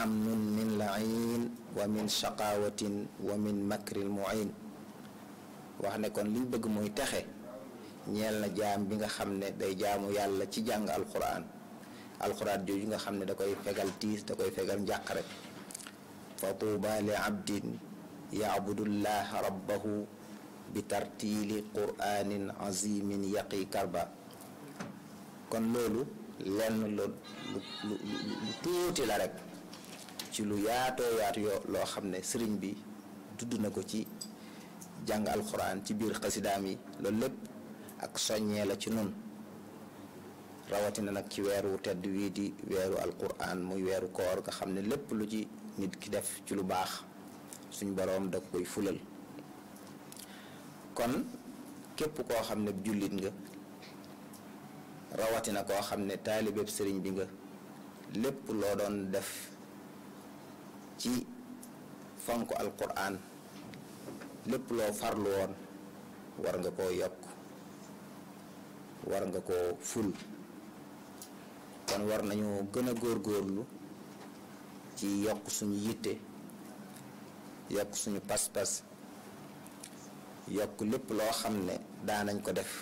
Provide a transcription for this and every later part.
amnun min lain wa min shaqawatin wa min makril muin wax ne kon liñ bëgg mooy texe ñeel na jaam bi nga xam ne day jaamu yàlla ci jàng alquran alquran jooju nga xam ne da koy fegal tiis da koy fegal njàqare fa tuuba li abdin yaabudullaha rabbahu bi tartiili quraanin azimin yaqi karba kon loolu lenn lu lu tuuti la rek ci lu yaato yaatu yoo loo xam ne sëriñ bi dudd na ko ci jàng alxuraan ci biir xasidaam yi loolu lépp ak soññee la ci nun rawatina nag ci weeru tedd wii di weeru alxuraan muy weeru koor nga xam ne lépp lu ci nit ki def ci lu baax suñ boroom da koy fulal kon képp koo xam ne jullit nga rawatina koo xam ne taalibeeb sëriñ bi nga lépp loo doon def fanku alquran lepp lo farlu won war nga ko yok war nga ko ful kon war nañu gën gor lu ci yok suñu yitte yok suñu pas-pas yok lepp lo xam da nañ ko def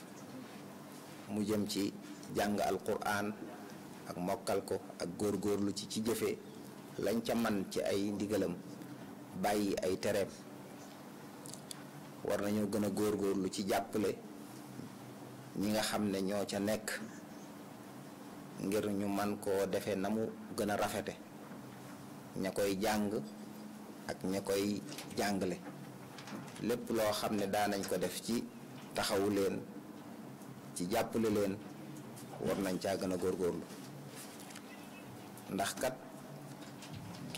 mu jëm ci alquran ak mokal ko ak gorlu ci ci jëfé lañ ca man ci ay ndigalam bàyyi ay tereem war nañoo gën a góorgóorlu ci jàppale ñi nga xam ne ñoo ca nekk ngir ñu man koo defe na mu gën a rafete ña koy jàng ak ña koy jàngale lépp loo xam ne daanañ ko def ci taxawu leen ci jàppale leen war nañ caa gën a góorgóorlu ndax kat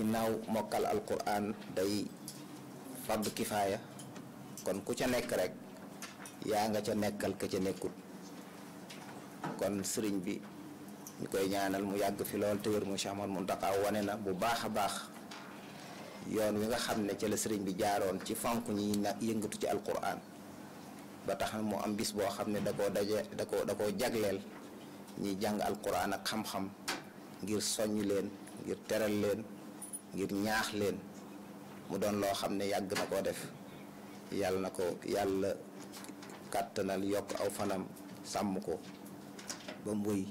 ginnaaw mokkal alquran day fard kifaaya kon ku ca nekk rekk yaa nga ca nekkal ka ca nekkut kon sëriñ bi ñu koy ñaanal mu yàgg fi lool te wér mu Cheikh Mouhamadou Mountakha wane na bu baax a baax yoon wi nga xam ne ca la sëriñ bi jaaroon ci fonk ñi na yëngatu ci alquran ba tax mu am bis boo xam ne da koo daje da ko da jagleel ñiy jàng alquran ak xam-xam ngir soññ leen ngir teral leen ngir ñaax leen mu doon loo xam ne yàgg na koo def yàlla na ko yàlla kàttanal yokk aw fanam sàmm ko ba muy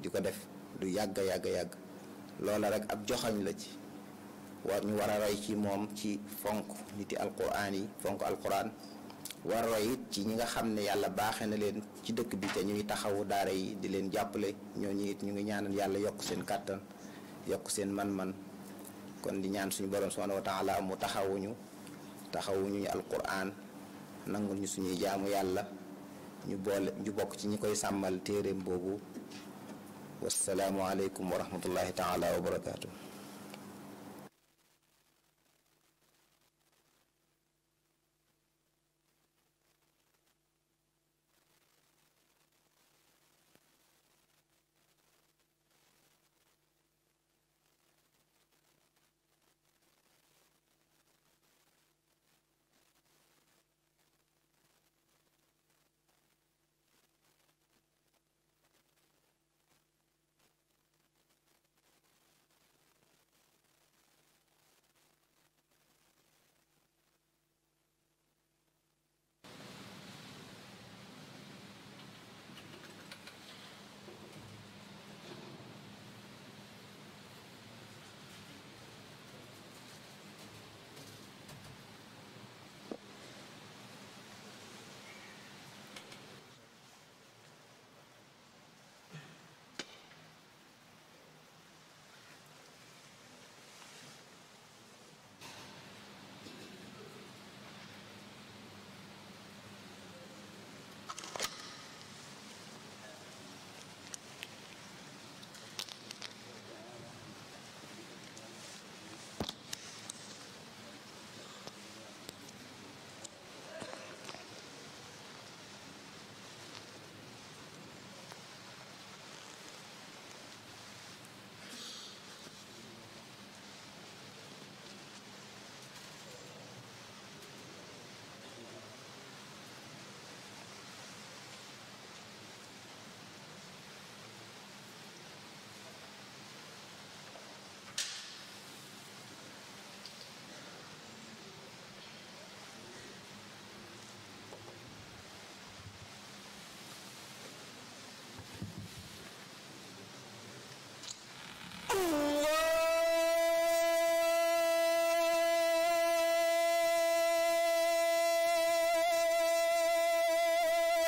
di ko def du yàgg a yàgg yàgg loola rek ab joxañ la ci wa ñu war a roy ci moom ci fonk niti alquran yi fonk alquran war a roy it ci ñi nga xam ne yàlla baaxe na leen ci dëkk bi te ñuy taxawu daara yi di leen jàppale ñooñu it ñu ngi ñaanal yàlla yokk seen kàttan yokk seen man-man kon di ñaan suñu borom subhanahu wa taala mu taxawuñu taxawuñu ñu alquran nangul ñu suñuy jaamu yàlla ñu boole ñu bokk ci ñi koy sàmmal téeréem boobu wasalaamualeykum wa rahmatullahi taala wa barakaatu.